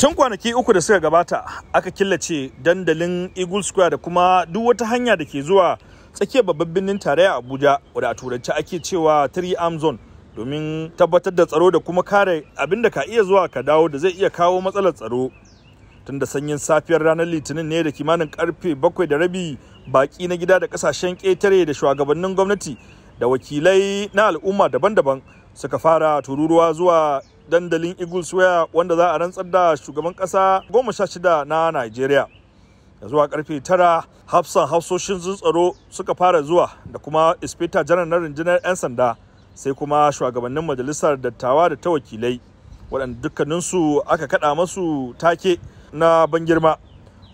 tun kwanaki uku da suka gabata aka killace dandalin eagle square da kuma duk wata hanya da ke zuwa tsakiyar babban birnin tarayya abuja wadda a turanci ake cewa 3 arm zone domin tabbatar da tsaro da kuma kare abin da ka iya zuwa ka dawo da zai iya kawo matsalar tsaro tun da sanyin safiyar ranar litinin ne da kimanin karfe bakwai da rabi baki na gida da kasashen ƙetare da shugabannin gwamnati da wakilai na al'umma daban-daban suka fara tururuwa zuwa dandalin Eagle Square wanda za a rantsar da shugaban kasa goma sha shida na nigeria Da zuwa karfe tara hafsan hafsoshin tsaro suka fara zuwa da kuma inspector janar na rundunar 'yan sanda sai kuma shugabannin majalisar dattawa da ta wakilai waɗanda dukkaninsu aka kaɗa masu take na ban girma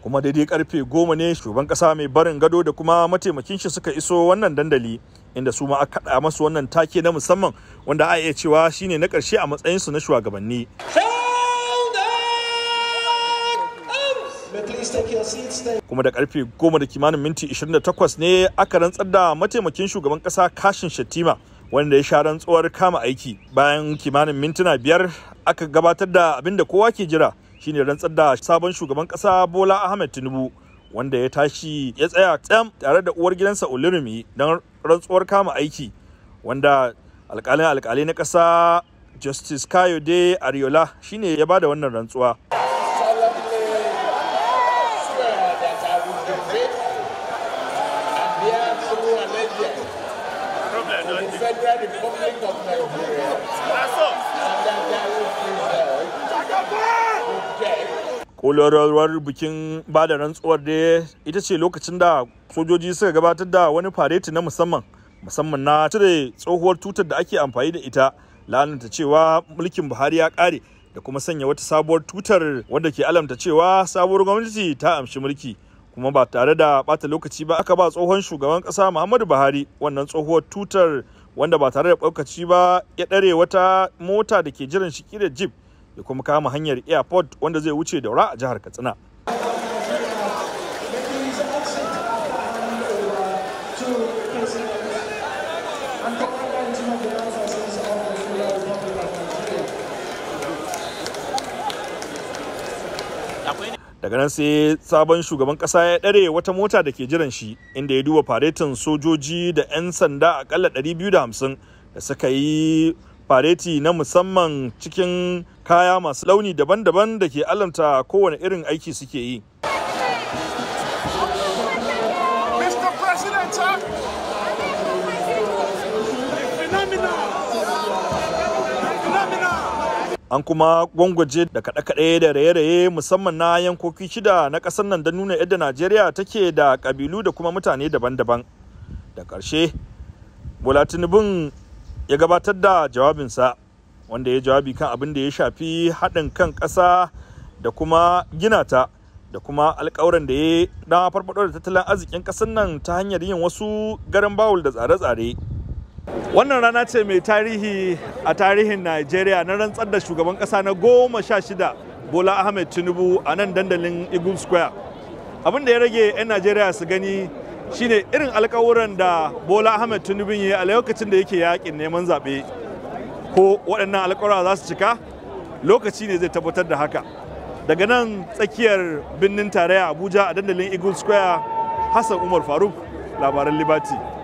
kuma daidai karfe goma ne shugaban kasa mai barin gado da kuma mataimakin shi suka iso wannan dandali inda su ma aka masu wannan take na musamman wanda a iya cewa shine na karshe a matsayin su na shugabanni. kuma da karfe goma da kimanin minti 28 ne aka rantsar da mataimakin shugaban kasa kashin shatima wanda ya sha rantsuwar kama aiki bayan kimanin mintuna biyar aka gabatar da abinda kowa ke jira shine rantsar da sabon shugaban kasa Bola Ahmed Tinubu wanda ya tashi ya tsaya tsam tare da uwar gidansa Olurumi don rantsuwar kama aiki wanda alƙalin alƙalai na kasa Justice Kayode Ariola shine ya bada wannan rantsuwa. Federal Republic of Nigeria. ƙolorowar bikin ba da rantsuwar da ita ce lokacin da sojoji suka gabatar da wani fareti na musamman musamman na cire tsohuwar tutar da ake amfani da ita la'anta cewa mulkin buhari ya kare da kuma sanya wata sabuwar tutar wadda ke alamta cewa sabuwar gwamnati ta amshi mulki kuma ba tare da bata lokaci ba aka ba tsohon shugaban kasa muhammadu buhari wannan tsohuwar tutar wanda ba tare da ɓaukaci ba ya ɗare wata mota da ke jiran shi da jeep ya kuma kama hanyar airport wanda zai wuce daura a jihar katsina daga nan sai sabon shugaban kasa ya ɗare wata mota da ke jiran shi inda ya duba faretin sojoji da 'yan sanda akalla 250 da suka yi fareti na musamman cikin kaya masu launi daban-daban da ke alamta kowane irin aiki suke yi. An kuma gwangwaje da kaɗe-kaɗe da raye-raye musamman na yankoki shida na ƙasar nan da nuna yadda Najeriya take da ƙabilu da kuma mutane daban-daban. Da ƙarshe, Bola Tinubun ya gabatar da jawabinsa. wanda ya jawabi kan abin da ya shafi haɗin kan ƙasa da kuma gina ta da kuma alƙawuran da ya da farfaɗo da tattalin arzikin ƙasar nan ta hanyar yin wasu garin bawul da tsare-tsare wannan rana ce mai tarihi a tarihin najeriya na rantsar da shugaban ƙasa na goma sha shida bola ahmed tinubu a nan dandalin eagle square abin da ya rage 'yan najeriya su gani shine irin alkawuran da bola ahmed tinubu ya yi a lokacin da yake yakin neman zaɓe ko waɗannan alƙawura za su cika lokaci ne zai tabbatar da haka daga nan tsakiyar birnin tarayya abuja a dandalin eagle square hassan umar faruk labaran liberty